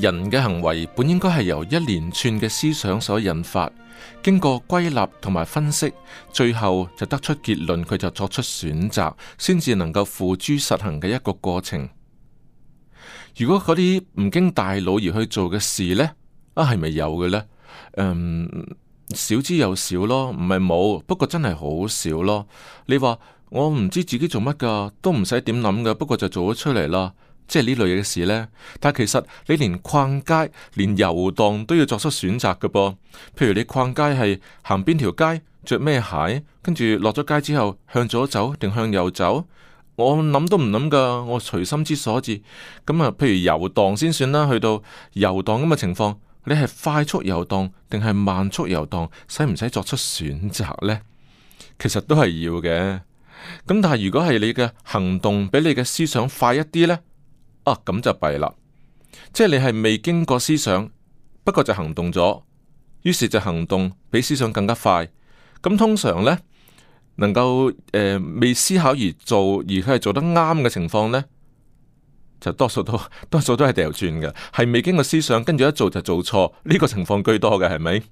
人嘅行為本應該係由一連串嘅思想所引發，經過歸納同埋分析，最後就得出結論，佢就作出選擇，先至能夠付諸實行嘅一個過程。如果嗰啲唔經大腦而去做嘅事呢，啊係咪有嘅呢？嗯，少之又少咯，唔係冇，不過真係好少咯。你話我唔知自己做乜噶，都唔使點諗噶，不過就做咗出嚟啦。即係呢類嘅事，事呢，但係其實你連逛街、連遊蕩都要作出選擇噶噃。譬如，你逛街係行邊條街、着咩鞋，跟住落咗街之後向左走定向右走，我諗都唔諗噶，我隨心之所至。咁、嗯、啊，譬如遊蕩先算啦，去到遊蕩咁嘅情況，你係快速遊蕩定係慢速遊蕩，使唔使作出選擇呢？其實都係要嘅。咁、嗯、但係如果係你嘅行動比你嘅思想快一啲呢。啊，咁就弊啦，即係你係未經過思想，不過就行動咗，於是就行動比思想更加快。咁通常呢，能夠誒未思考而做，而佢係做得啱嘅情況呢，就多數都，多數都係掉轉嘅，係未經過思想，跟住一做就做錯，呢個情況居多嘅，係咪？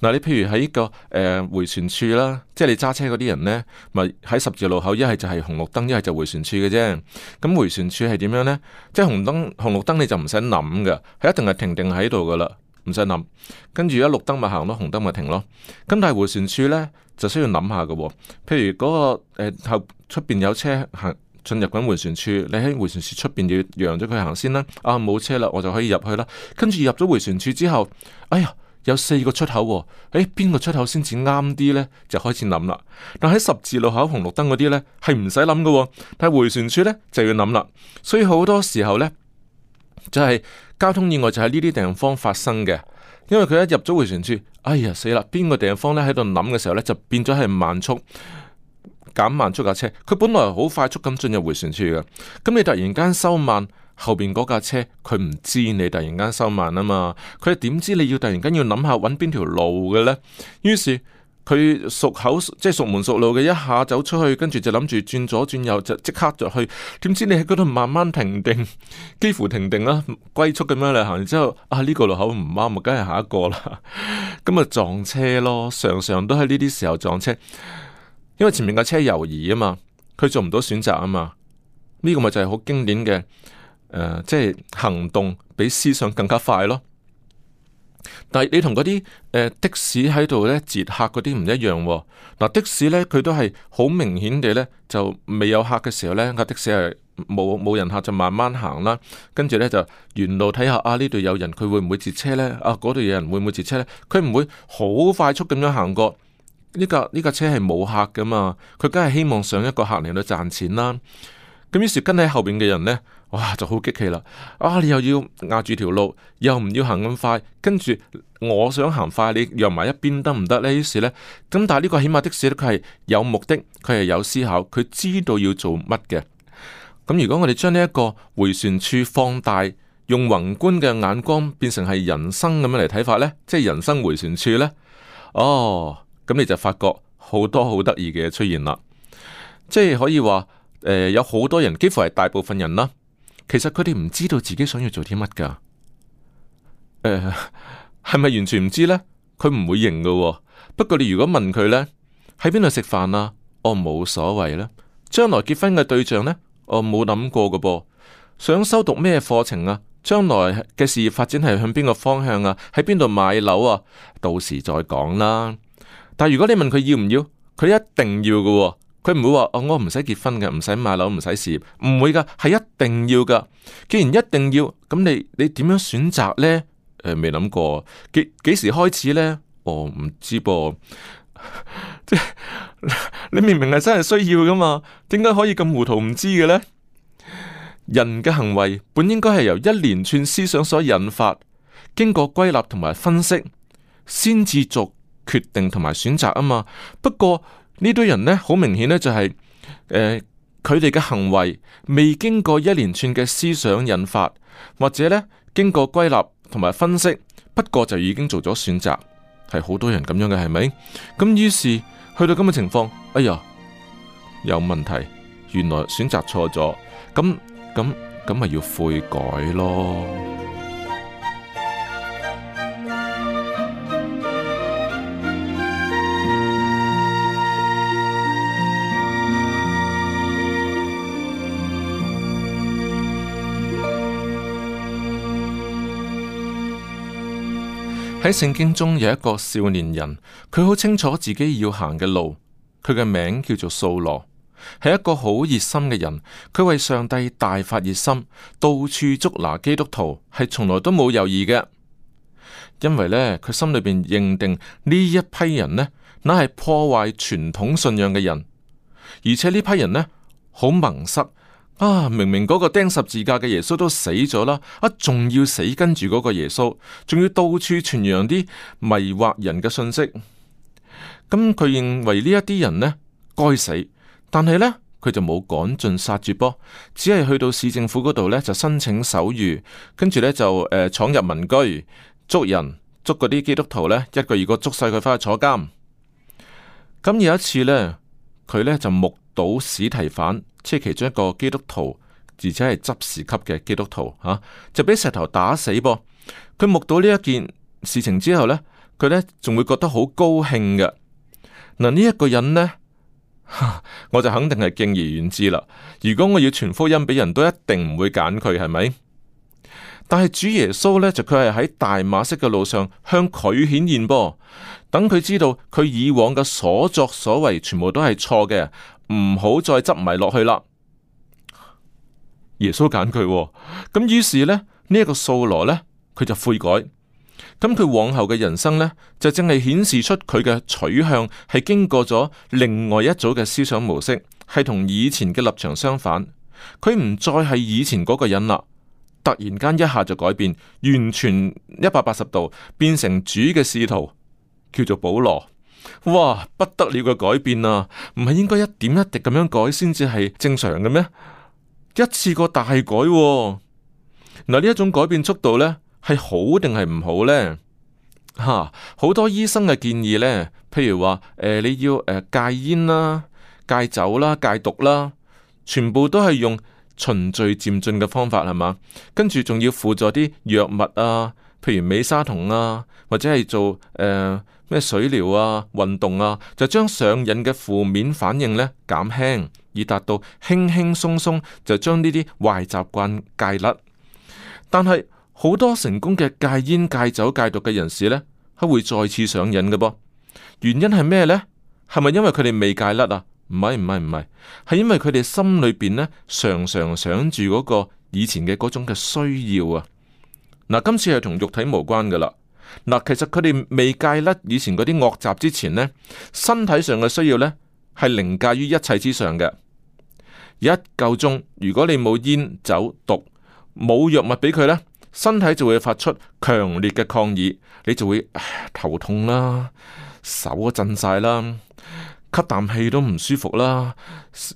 嗱，你譬如喺個誒、呃、回旋處啦，即係你揸車嗰啲人咧，咪喺十字路口一係就係紅綠燈，一係就係回旋處嘅啫。咁回旋處係點樣咧？即係紅燈紅綠燈你就唔使諗嘅，係一定係停定喺度噶啦，唔使諗。跟住一綠燈咪行咯，紅燈咪停咯。咁但係回旋處咧就需要諗下嘅，哦。譬如嗰、嗰個誒出邊有車行進入緊回旋處，你喺回旋處出邊要讓咗佢行先啦。啊冇車啦，我就可以去入去啦。跟住入咗回旋處之後，哎呀！有四個出口，誒、欸，邊個出口先至啱啲呢？就開始諗啦。但喺十字路口紅綠燈嗰啲呢，係唔使諗嘅。但係回旋處呢，就要諗啦。所以好多時候呢，就係、是、交通意外就喺呢啲地方發生嘅。因為佢一入咗回旋處，哎呀死啦！邊個地方呢？喺度諗嘅時候呢，就變咗係慢速減慢速架車。佢本來好快速咁進入回旋處嘅，咁你突然間收慢。後邊嗰架車佢唔知你突然間收慢啊嘛，佢點知你要突然間要諗下揾邊條路嘅呢？於是佢熟口即係熟門熟路嘅，一下走出去，跟住就諗住轉左轉右就即刻就去。點知你喺嗰度慢慢停定，幾乎停定啦、啊，龜速咁樣嚟行。然之後啊，呢、這個路口唔啱，咪梗係下一個啦。咁 啊、嗯、撞車咯，常常都喺呢啲時候撞車，因為前面架車猶豫啊嘛，佢做唔到選擇啊嘛。呢、這個咪就係好經典嘅。誒、呃，即係行動比思想更加快咯。但係你同嗰啲誒的士喺度咧截客嗰啲唔一樣。嗱、呃、的士咧佢都係好明顯地咧就未有客嘅時候咧架的士係冇冇人客就慢慢行啦，跟住咧就沿路睇下啊呢度有人佢會唔會截車咧？啊嗰度有人會唔會截車咧？佢唔會好快速咁樣行過呢架呢架車係冇客噶嘛，佢梗係希望上一個客嚟到賺錢啦。咁於是跟喺後邊嘅人咧。哇，就好激氣啦！啊，你又要壓住條路，又唔要行咁快，跟住我想行快，你讓埋一邊得唔得呢，的士呢。咁但係呢個起碼的士，佢係有目的，佢係有思考，佢知道要做乜嘅。咁、嗯、如果我哋將呢一個回旋處放大，用宏觀嘅眼光變成係人生咁樣嚟睇法呢，即係人生回旋處呢。哦，咁、嗯、你就發覺好多好得意嘅嘢出現啦，即係可以話、呃，有好多人，幾乎係大部分人啦。其實佢哋唔知道自己想要做啲乜噶，誒、呃，係咪完全唔知呢？佢唔會認噶、喎，不過你如果問佢呢，喺邊度食飯啊？我冇所謂啦。將來結婚嘅對象呢，我冇諗過噶噃。想修讀咩課程啊？將來嘅事業發展係向邊個方向啊？喺邊度買樓啊？到時再講啦。但如果你問佢要唔要，佢一定要噶、喎。佢唔會話哦，我唔使結婚嘅，唔使買樓，唔使事業，唔會噶，係一定要噶。既然一定要，咁你你點樣選擇呢？誒、呃，未諗過幾幾時開始呢？哦，唔知噃，即係你明明係真係需要噶嘛？點解可以咁糊塗唔知嘅呢？人嘅行為本應該係由一連串思想所引發，經過歸納同埋分析，先至作決定同埋選擇啊嘛。不過，呢堆人呢，好明顯呢、就係，就係佢哋嘅行為未經過一連串嘅思想引發，或者呢經過歸納同埋分析，不過就已經做咗選擇，係好多人咁樣嘅，係咪？咁於是去到咁嘅情況，哎呀，有問題，原來選擇錯咗，咁咁咁咪要悔改咯。喺聖經中有一個少年人，佢好清楚自己要行嘅路。佢嘅名叫做掃羅，係一個好熱心嘅人。佢為上帝大發熱心，到處捉拿基督徒，係從來都冇猶豫嘅。因為呢，佢心裏邊認定呢一批人呢，乃係破壞傳統信仰嘅人，而且呢批人呢，好蒙塞。啊！明明嗰個釘十字架嘅耶穌都死咗啦，啊，仲要死跟住嗰個耶穌，仲要到處傳揚啲迷惑人嘅信息。咁佢認為呢一啲人呢該死，但係呢佢就冇趕盡殺絕噃，只係去到市政府嗰度呢就申請手諭，跟住呢就誒、呃、闖入民居捉人，捉嗰啲基督徒呢一個二個捉晒佢返去坐監。咁有一次呢，佢呢就目。到史提反，即係其中一個基督徒，而且係執事級嘅基督徒，吓、啊、就俾石頭打死噃。佢、啊、目睹呢一件事情之後呢，佢呢仲會覺得好高興嘅。嗱、啊，呢、這、一個人呢、啊，我就肯定係敬而遠之啦。如果我要傳福音俾人都一定唔會揀佢，係咪？但係主耶穌呢，就佢係喺大馬色嘅路上向佢顯現噃，等、啊、佢知道佢以往嘅所作所為全部都係錯嘅。唔好再執迷落去啦！耶穌揀佢、哦，咁於是呢，呢個、羅呢一個掃羅呢，佢就悔改。咁佢往後嘅人生呢，就正係顯示出佢嘅取向係經過咗另外一組嘅思想模式，係同以前嘅立場相反。佢唔再係以前嗰個人啦，突然間一下就改變，完全一百八十度變成主嘅使徒，叫做保羅。哇，不得了嘅改變啊！唔係應該一點一滴咁樣改先至係正常嘅咩？一次過大改嗱、啊，呢一種改變速度呢係好定係唔好呢？吓，好多醫生嘅建議呢，譬如話、呃、你要、呃、戒煙啦、戒酒啦、戒毒啦，全部都係用循序漸進嘅方法係嘛，跟住仲要輔助啲藥物啊，譬如美沙酮啊，或者係做、呃咩水療啊、運動啊，就將上癮嘅負面反應咧減輕，以達到輕輕鬆鬆就將呢啲壞習慣戒甩。但係好多成功嘅戒煙、戒酒、戒毒嘅人士呢，係會再次上癮嘅噃。原因係咩呢？係咪因為佢哋未戒甩啊？唔係唔係唔係，係因為佢哋心裏邊咧常常想住嗰個以前嘅嗰種嘅需要啊。嗱、啊，今次係同肉體無關噶啦。嗱，其實佢哋未戒甩以前嗰啲惡習之前咧，身體上嘅需要咧係凌駕於一切之上嘅。一夠鐘，如果你冇煙酒毒冇藥物俾佢咧，身體就會發出強烈嘅抗議，你就會頭痛啦，手震晒啦。吸啖氣都唔舒服啦，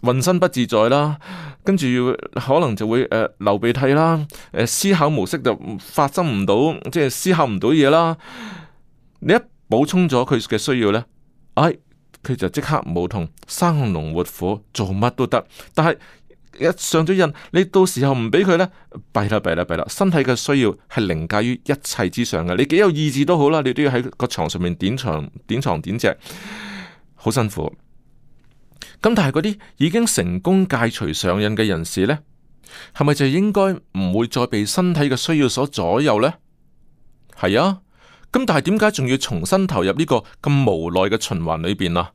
渾身不自在啦，跟住可能就會誒、呃、流鼻涕啦，誒、呃、思考模式就發生唔到，即係思考唔到嘢啦。你一補充咗佢嘅需要呢，唉、哎，佢就即刻無同生龍活虎，做乜都得。但係一上咗癮，你到時候唔俾佢呢，弊啦弊啦弊啦，身體嘅需要係凌駕於一切之上嘅。你幾有意志都好啦，你都要喺個床上面點床點床點席。好辛苦，咁但係嗰啲已經成功戒除上癮嘅人士呢，係咪就應該唔會再被身體嘅需要所左右呢？係啊，咁但係點解仲要重新投入呢個咁無奈嘅循環裏邊啊？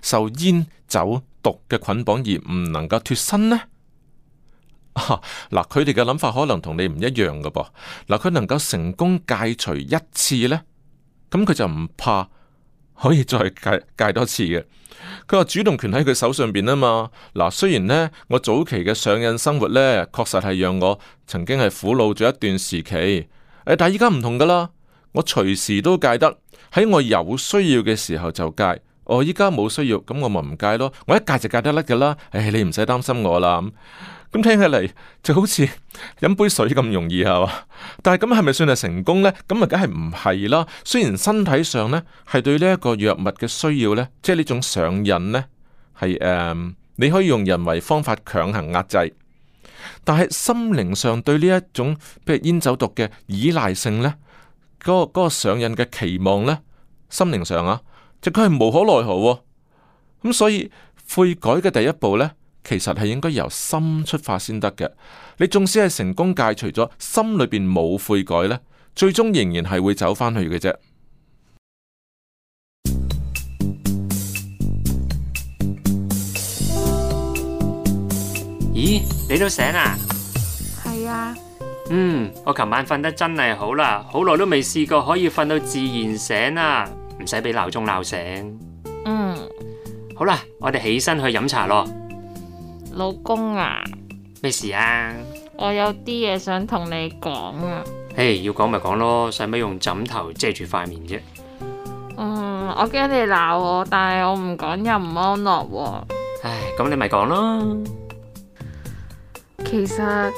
受煙酒毒嘅捆綁而唔能夠脫身呢？嗱、啊，佢哋嘅諗法可能同你唔一樣㗎噃。嗱，佢能夠成功戒除一次呢，咁佢就唔怕。可以再戒戒多次嘅，佢話主動權喺佢手上邊啊嘛。嗱，雖然呢，我早期嘅上癮生活呢，確實係讓我曾經係苦惱咗一段時期。但係依家唔同噶啦，我隨時都戒得，喺我有需要嘅時候就戒。我依家冇需要，咁我咪唔戒咯。我一戒就戒得甩噶啦。唉、哎，你唔使擔心我啦。咁聽起嚟就好似飲杯水咁容易係嘛，但係咁係咪算係成功呢？咁啊，梗係唔係啦。雖然身體上呢係對呢一個藥物嘅需要呢，即係呢種上癮呢，係誒、um, 你可以用人為方法強行壓制，但係心靈上對呢一種譬如煙酒毒嘅依賴性呢，嗰、嗰個、嗰個上癮嘅期望呢，心靈上啊，就佢係無可奈何，啊。咁所以悔改嘅第一步呢。其實係應該由心出發先得嘅。你縱使係成功戒除咗，心裏邊冇悔改呢，最終仍然係會走翻去嘅啫。咦？你都醒啦？係啊。嗯，我琴晚瞓得真係好啦，好耐都未試過可以瞓到自然醒啦，唔使俾鬧鐘鬧醒。嗯。好啦，我哋起身去飲茶咯。老公啊，咩事啊？我有啲嘢想同你講啊。誒，hey, 要講咪講咯，使咩用枕頭遮住塊面啫？嗯，我驚你鬧我，但係我唔講又唔安樂喎。唉，咁你咪講咯。其實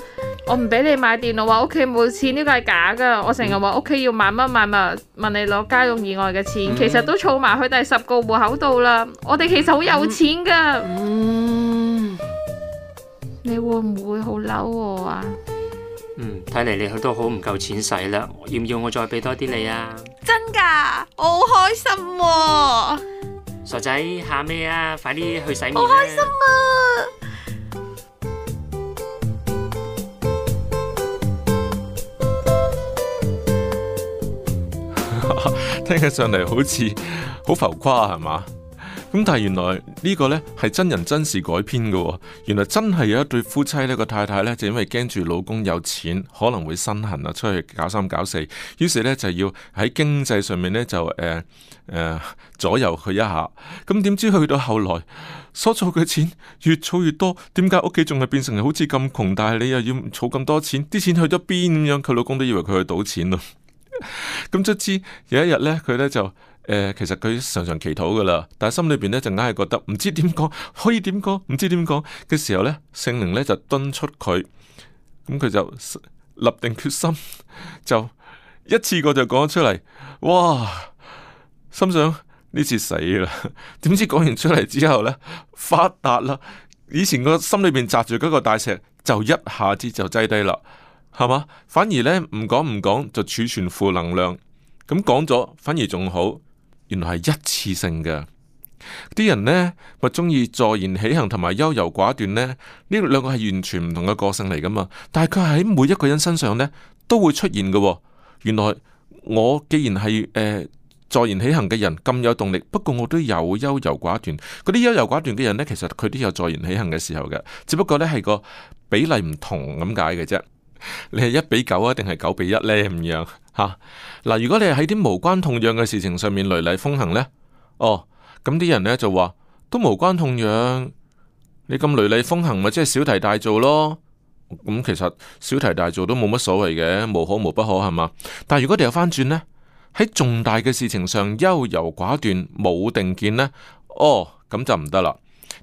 我唔俾你買電腦，話屋企冇錢呢個係假噶。我成日話屋企要買乜買物，問你攞家用以外嘅錢，其實都儲埋去第十個戶口度啦。我哋其實好有錢噶。嗯。你會唔會好嬲我啊？嗯，睇嚟你都好唔夠錢使啦，要唔要我再俾多啲你啊？真㗎，我好開心喎！傻仔喊咩啊？快啲去洗面啦！我好開心啊！聽起上嚟好似好浮誇係嘛？.咁但係原來呢個呢係真人真事改編嘅。哦，原來真係有一對夫妻，呢個太太呢，就因為驚住老公有錢可能會身痕啊，出去搞三搞四，於是呢就要喺經濟上面呢，就誒誒、呃呃、左右佢一下。咁點知去到後來所儲嘅錢越儲越多，點解屋企仲係變成好似咁窮？但係你又要儲咁多錢，啲錢去咗邊咁樣？佢老公都以為佢去賭錢咯。咁 卒之有一日呢，佢呢就。其實佢常常祈禱噶啦，但係心裏邊咧就硬係覺得唔知點講，可以點講，唔知點講嘅時候咧，聖靈咧就敦促佢，咁佢就立定決心，就一次過就講咗出嚟，哇！心想呢次死啦，點知講完出嚟之後咧，發達啦！以前個心裏邊扎住嗰個大石，就一下子就擠低啦，係嘛？反而咧唔講唔講就儲存負能量，咁講咗反而仲好。原來係一次性嘅啲人呢，咪中意坐言起行，同埋優柔寡斷呢？呢兩個係完全唔同嘅個性嚟噶嘛。但係佢喺每一個人身上呢，都會出現嘅哦。原來我既然係誒坐言起行嘅人，咁有動力，不過我都有優柔寡斷。嗰啲優柔寡斷嘅人呢，其實佢都有坐言起行嘅時候嘅，只不過呢，係個比例唔同咁解嘅啫。你係一比九啊，定係九比一呢？咁樣吓嗱，如果你係喺啲無關痛癢嘅事情上面雷厲風行呢，哦，咁啲人呢就話都無關痛癢，你咁雷厲風行咪即係小題大做咯？咁、嗯、其實小題大做都冇乜所謂嘅，無可無不可係嘛？但如果你又翻轉呢，喺重大嘅事情上優柔寡斷、冇定見呢，哦，咁就唔得啦。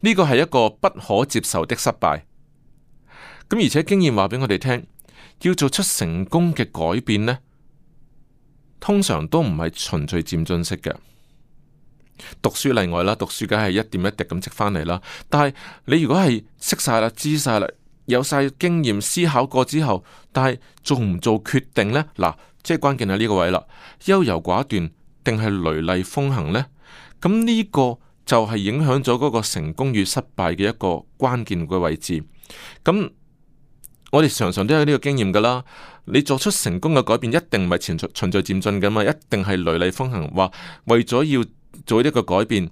呢個係一個不可接受的失敗。咁、嗯、而且經驗話俾我哋聽。要做出成功嘅改變呢，通常都唔係循序漸進式嘅。讀書例外啦，讀書梗係一點一滴咁積翻嚟啦。但係你如果係識晒啦、知晒啦、有晒經驗、思考過之後，但係做唔做決定呢？嗱，即係關鍵喺呢個位啦。優柔寡斷定係雷厲風行呢？咁呢個就係影響咗嗰個成功與失敗嘅一個關鍵嘅位置。咁。我哋常常都有呢個經驗噶啦，你作出成功嘅改變，一定唔係循序循序漸進噶嘛，一定係雷厲風行，話為咗要做呢個改變，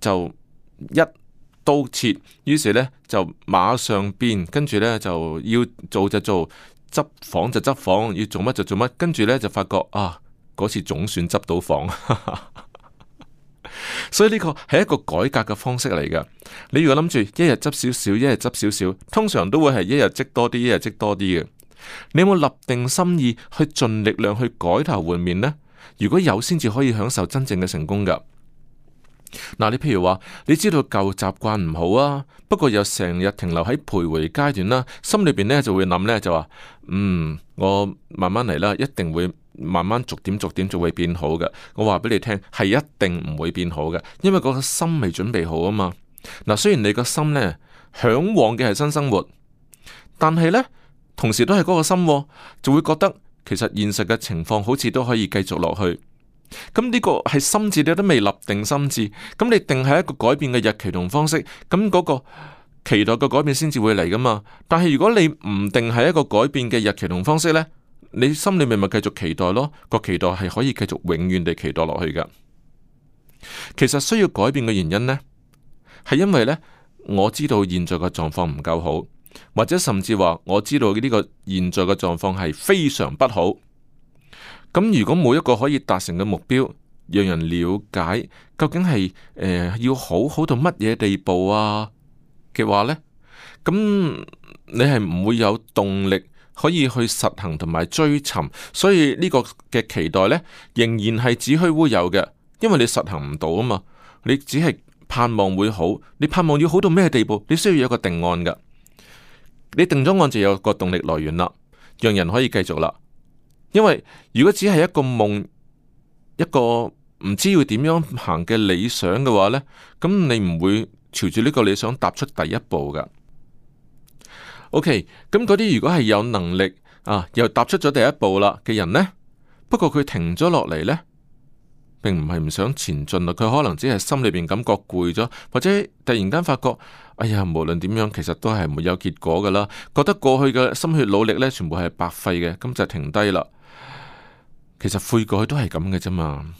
就一刀切，於是呢就馬上變，跟住呢，就要做就做，執房就執房，要做乜就做乜，跟住呢，就發覺啊，嗰次總算執到房。 所以呢個係一個改革嘅方式嚟噶。你如果諗住一日執少少，一日執少少，通常都會係一日積多啲，一日積多啲嘅。你有冇立定心意去盡力量去改頭換面呢？如果有，先至可以享受真正嘅成功噶。嗱，你譬如話，你知道舊習慣唔好啊，不過又成日停留喺徘徊階段啦，心裏邊呢就會諗呢，就話，嗯，我慢慢嚟啦，一定會。慢慢逐點逐點就會變好嘅，我話俾你聽係一定唔會變好嘅，因為嗰個心未準備好啊嘛。嗱，雖然你個心呢，向往嘅係新生活，但係呢，同時都係嗰個心就會覺得其實現實嘅情況好似都可以繼續落去。咁呢個係心智，你都未立定心智，咁你定係一個改變嘅日期同方式，咁嗰個期待嘅改變先至會嚟噶嘛。但係如果你唔定係一個改變嘅日期同方式呢？你心裏面咪繼續期待咯？個期待係可以繼續永遠地期待落去㗎。其實需要改變嘅原因呢，係因為呢，我知道現在嘅狀況唔夠好，或者甚至話我知道呢個現在嘅狀況係非常不好。咁如果冇一個可以達成嘅目標，讓人了解究竟係、呃、要好好到乜嘢地步啊嘅話呢，咁你係唔會有動力。可以去實行同埋追尋，所以呢個嘅期待呢，仍然係子虛烏有嘅，因為你實行唔到啊嘛，你只係盼望會好，你盼望要好到咩地步？你需要有個定案㗎，你定咗案就有個動力來源啦，讓人可以繼續啦。因為如果只係一個夢，一個唔知要點樣行嘅理想嘅話呢，咁你唔會朝住呢個理想踏出第一步㗎。O.K. 咁嗰啲如果係有能力啊，又踏出咗第一步啦嘅人呢？不過佢停咗落嚟呢，並唔係唔想前進啦，佢可能只係心裏邊感覺攰咗，或者突然間發覺，哎呀，無論點樣，其實都係沒有結果噶啦，覺得過去嘅心血努力呢，全部係白費嘅，咁就停低啦。其實悔過去都係咁嘅啫嘛，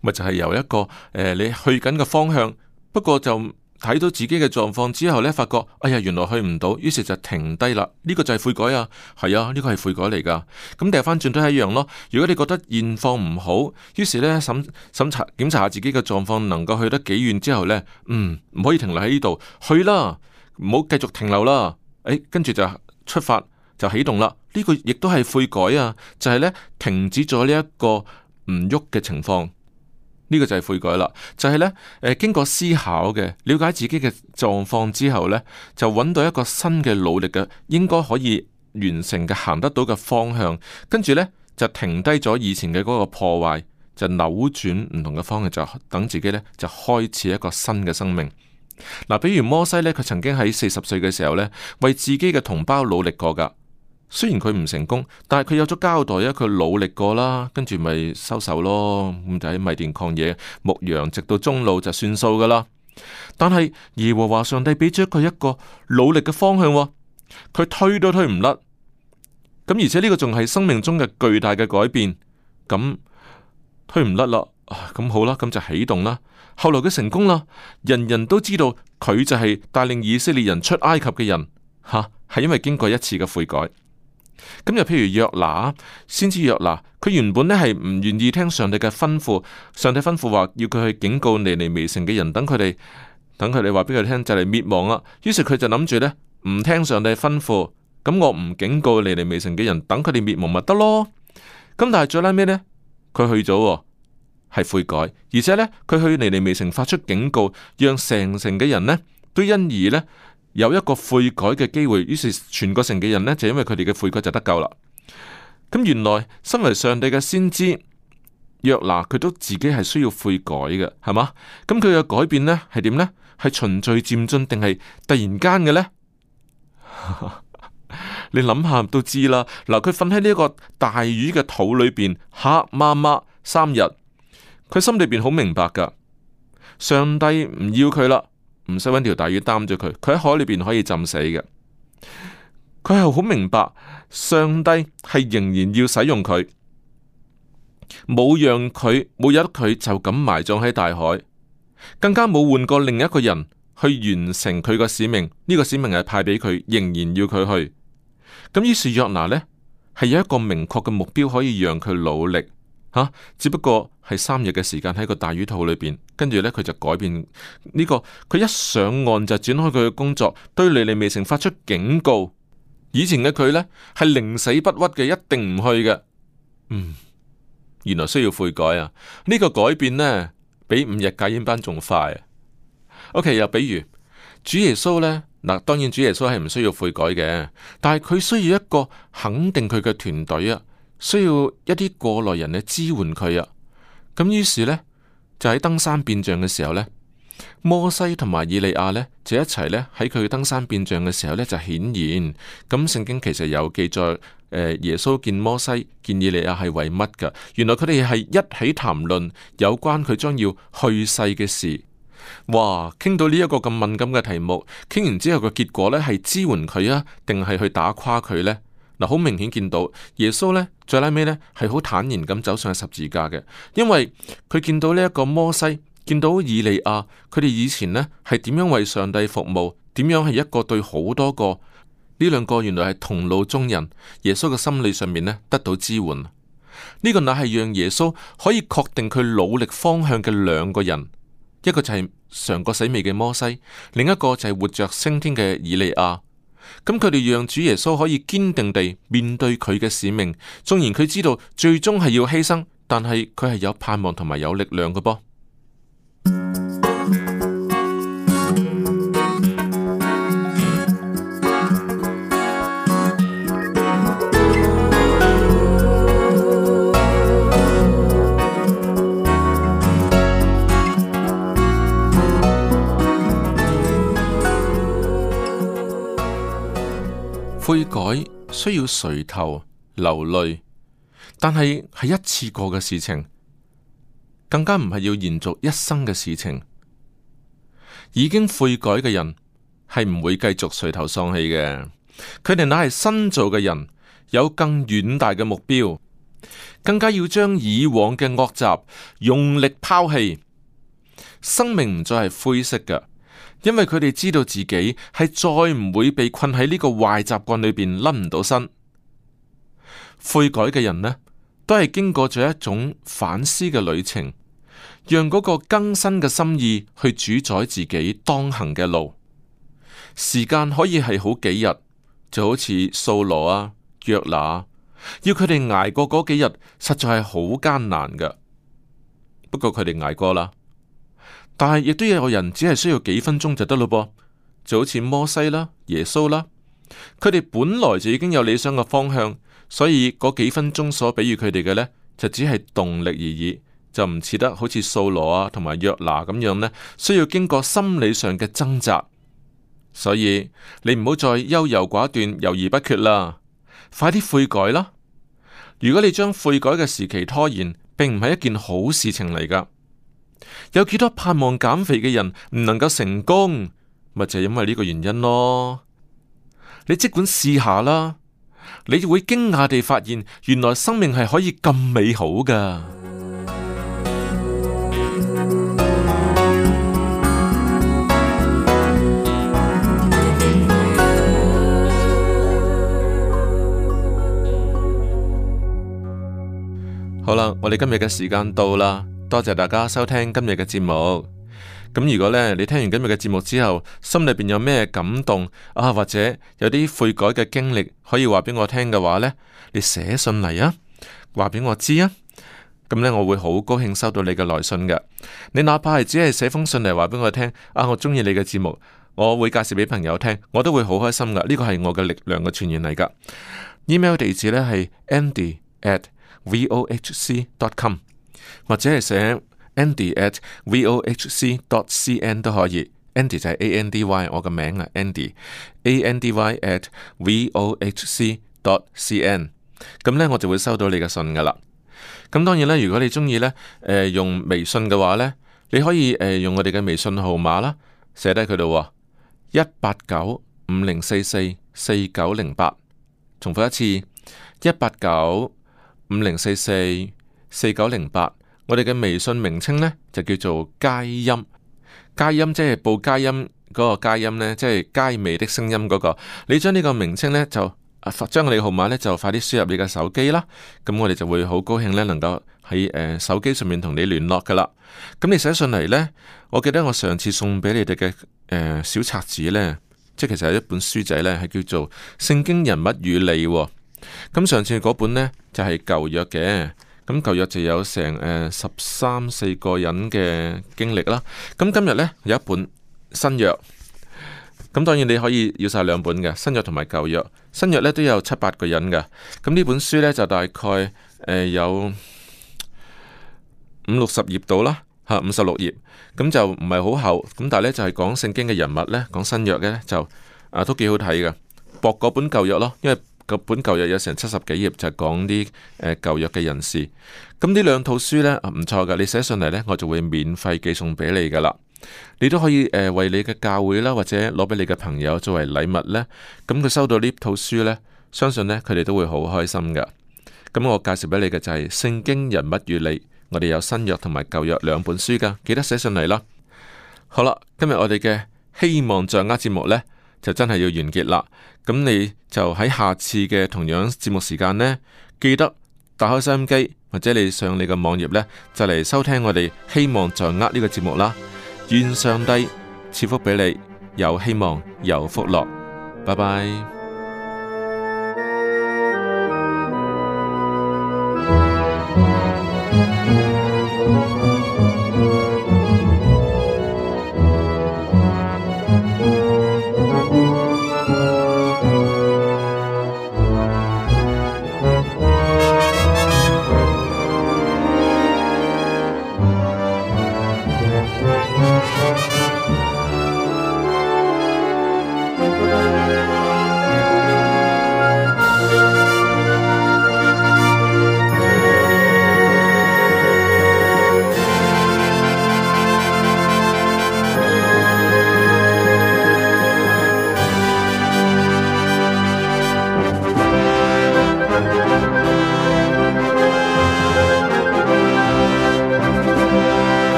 咪就係、是、由一個誒、呃，你去緊嘅方向，不過就。睇到自己嘅狀況之後呢，發覺哎呀，原來去唔到，於是就停低啦。呢個就係悔改啊，係啊，呢個係悔改嚟噶。咁掉翻轉都係一樣咯。如果你覺得現況唔好，於是呢，審審查檢查下自己嘅狀況，能夠去得幾遠之後呢，嗯，唔可以停留喺呢度，去啦，唔好繼續停留啦。哎，跟住就出發，就啟動啦。呢個亦都係悔改啊，就係呢，停止咗呢一個唔喐嘅情況。呢個就係悔改啦，就係、是、呢，誒、呃，經過思考嘅了解自己嘅狀況之後呢，就揾到一個新嘅努力嘅，應該可以完成嘅行得到嘅方向，跟住呢，就停低咗以前嘅嗰個破壞，就扭轉唔同嘅方向，就等自己呢，就開始一個新嘅生命嗱、啊。比如摩西呢，佢曾經喺四十歲嘅時候呢，為自己嘅同胞努力過㗎。雖然佢唔成功，但係佢有咗交代咧，佢努力過啦，跟住咪收手咯，咁就喺米甸曠野牧羊，直到中路就算數噶啦。但係耶和華上帝俾咗佢一個努力嘅方向，佢推都推唔甩。咁而且呢個仲係生命中嘅巨大嘅改變。咁推唔甩啦，咁好啦，咁就啟動啦。後來佢成功啦，人人都知道佢就係帶領以色列人出埃及嘅人吓，係、啊、因為經過一次嘅悔改。咁又譬如約拿，先知約拿，佢原本咧，係唔願意聽上帝嘅吩咐，上帝吩咐話要佢去警告尼尼微城嘅人，等佢哋等佢哋話俾佢聽就嚟滅亡啦。於是佢就諗住咧唔聽上帝吩咐，咁我唔警告尼尼微城嘅人，等佢哋滅亡咪得咯。咁但係最拉尾咧，佢去咗，係悔改，而且咧佢去尼尼微城發出警告，讓成城嘅人咧都因而咧。有一個悔改嘅機會，於是全個城嘅人呢，就因為佢哋嘅悔改就得救啦。咁原來身為上帝嘅先知約拿，佢都自己係需要悔改嘅，係嘛？咁佢嘅改變呢，係點呢？係循序漸進定係突然間嘅呢？ 你諗下都知啦。嗱，佢瞓喺呢一個大魚嘅肚裏邊，黑媽媽三日，佢心裏邊好明白噶，上帝唔要佢啦。唔使搵條大魚擔住佢，佢喺海裏邊可以浸死嘅。佢係好明白上帝係仍然要使用佢，冇讓佢，冇由得佢就咁埋葬喺大海，更加冇換過另一個人去完成佢個使命。呢個使命係派俾佢，仍然要佢去。咁於是約拿呢係有一個明確嘅目標可以讓佢努力。吓，只不過係三日嘅時間喺個大魚肚裏邊，跟住呢，佢就改變呢、這個。佢一上岸就展開佢嘅工作，對尼尼微城，發出警告。以前嘅佢呢，係寧死不屈嘅，一定唔去嘅。嗯，原來需要悔改啊！呢、這個改變呢，比五日戒煙班仲快啊。OK，又、啊、比如主耶穌呢。嗱，當然主耶穌係唔需要悔改嘅，但係佢需要一個肯定佢嘅團隊啊。需要一啲過來人嚟支援佢啊，咁於是呢，就喺登山變象嘅時候呢，摩西同埋以利亞呢，就一齊呢，喺佢登山變象嘅時候呢，就顯然。咁聖經其實有記載，耶穌見摩西，見以利亞係為乜噶？原來佢哋係一起談論有關佢將要去世嘅事。哇，傾到呢一個咁敏感嘅題目，傾完之後嘅結果呢，係支援佢啊，定係去打垮佢呢？嗱，好明顯見到耶穌呢，最拉尾呢係好坦然咁走上十字架嘅，因為佢見到呢一個摩西，見到以利亞，佢哋以前呢係點樣為上帝服務，點樣係一個對好多個呢兩個原來係同路中人，耶穌嘅心理上面呢得到支援，這個、呢個乃係讓耶穌可以確定佢努力方向嘅兩個人，一個就係嘗過死未嘅摩西，另一個就係活着升天嘅以利亞。咁佢哋讓主耶穌可以堅定地面對佢嘅使命，縱然佢知道最終係要犧牲，但係佢係有盼望同埋有力量嘅啵。改需要垂頭流淚，但係係一次過嘅事情，更加唔係要延續一生嘅事情。已經悔改嘅人係唔會繼續垂頭喪氣嘅，佢哋乃係新造嘅人，有更遠大嘅目標，更加要將以往嘅惡習用力拋棄。生命唔再係灰色嘅。因為佢哋知道自己係再唔會被困喺呢個壞習慣裏邊，甩唔到身。悔改嘅人呢，都係經過咗一種反思嘅旅程，讓嗰個更新嘅心意去主宰自己當行嘅路。時間可以係好幾日，就好似掃羅啊、約拿、啊，要佢哋捱過嗰幾日，實在係好艱難㗎。不過佢哋捱過啦。但係亦都有人只係需要幾分鐘就得咯噃，就好似摩西啦、耶穌啦，佢哋本來就已經有理想嘅方向，所以嗰幾分鐘所給予佢哋嘅呢，就只係動力而已，就唔似得好似掃羅啊同埋約拿咁樣呢，需要經過心理上嘅掙扎。所以你唔好再優柔寡斷、猶豫不決啦，快啲悔改啦！如果你將悔改嘅時期拖延，並唔係一件好事情嚟噶。有幾多盼望減肥嘅人唔能夠成功，咪就係因為呢個原因咯。你即管試下啦，你會驚訝地發現，原來生命係可以咁美好噶。 好啦，我哋今日嘅時間到啦。多謝大家收聽今日嘅節目。咁如果咧，你聽完今日嘅節目之後，心裏面有咩感動啊，或者有啲悔改嘅經歷，可以話俾我聽嘅話咧，你寫信嚟啊，話俾我知啊。咁咧，我會好高興收到你嘅來信嘅。你哪怕係只係寫封信嚟話俾我聽，啊，我中意你嘅節目，我會介紹俾朋友聽，我都會好開心噶。呢個係我嘅力量嘅泉源嚟噶。email 地址咧係 andy at vohc dot com。或者係寫 Andy at vohc.dot.cn 都可以，Andy 就係 A N D Y 我嘅名啊，Andy A N D Y at vohc.dot.cn，咁呢，我就會收到你嘅信噶啦。咁當然咧，如果你鍾意呢，誒用微信嘅話呢，你可以誒用我哋嘅微信號碼啦，寫低佢度，一八九五零四四四九零八，重複一次，一八九五零四四。四九零八，我哋嘅微信名稱呢就叫做佳音，佳音即係報佳音嗰個佳音呢即係佳美的聲音嗰個。你將呢個名稱呢，就，將我哋號碼呢就快啲輸入你嘅手機啦。咁我哋就會好高興呢，能夠喺誒手機上面同你聯絡噶啦。咁你寫上嚟呢，我記得我上次送俾你哋嘅誒小冊子呢，即係其實係一本書仔呢，係叫做《聖經人物與你》。咁上次嗰本呢，就係舊約嘅。咁舊約就有成誒十三四個人嘅經歷啦。咁、嗯、今日呢，有一本新約，咁、嗯、當然你可以要晒兩本嘅新約同埋舊約。新約呢都有七八個人嘅。咁、嗯、呢本書呢，就大概誒、呃、有五六十頁到啦，吓五十六頁，咁、嗯、就唔係好厚。咁但係呢，就係講聖經嘅人物呢，講新約嘅呢，就啊都幾好睇嘅。薄嗰本舊約咯，因為。個本舊約有成七十幾頁，就係講啲誒舊約嘅人士。咁呢兩套書呢，唔錯噶，你寫上嚟呢，我就會免費寄送俾你噶啦。你都可以誒、呃、為你嘅教會啦，或者攞俾你嘅朋友作為禮物呢。咁佢收到呢套書呢，相信呢，佢哋都會好開心噶。咁我介紹俾你嘅就係、是、聖經人物與你，我哋有新約同埋舊約兩本書噶，記得寫上嚟啦。好啦，今日我哋嘅希望掌握節目呢。就真係要完結啦，咁你就喺下次嘅同樣節目時間呢，記得打開收音機或者你上你嘅網頁呢，就嚟收聽我哋希望掌握呢個節目啦。願上帝賜福俾你，有希望有福樂，拜拜。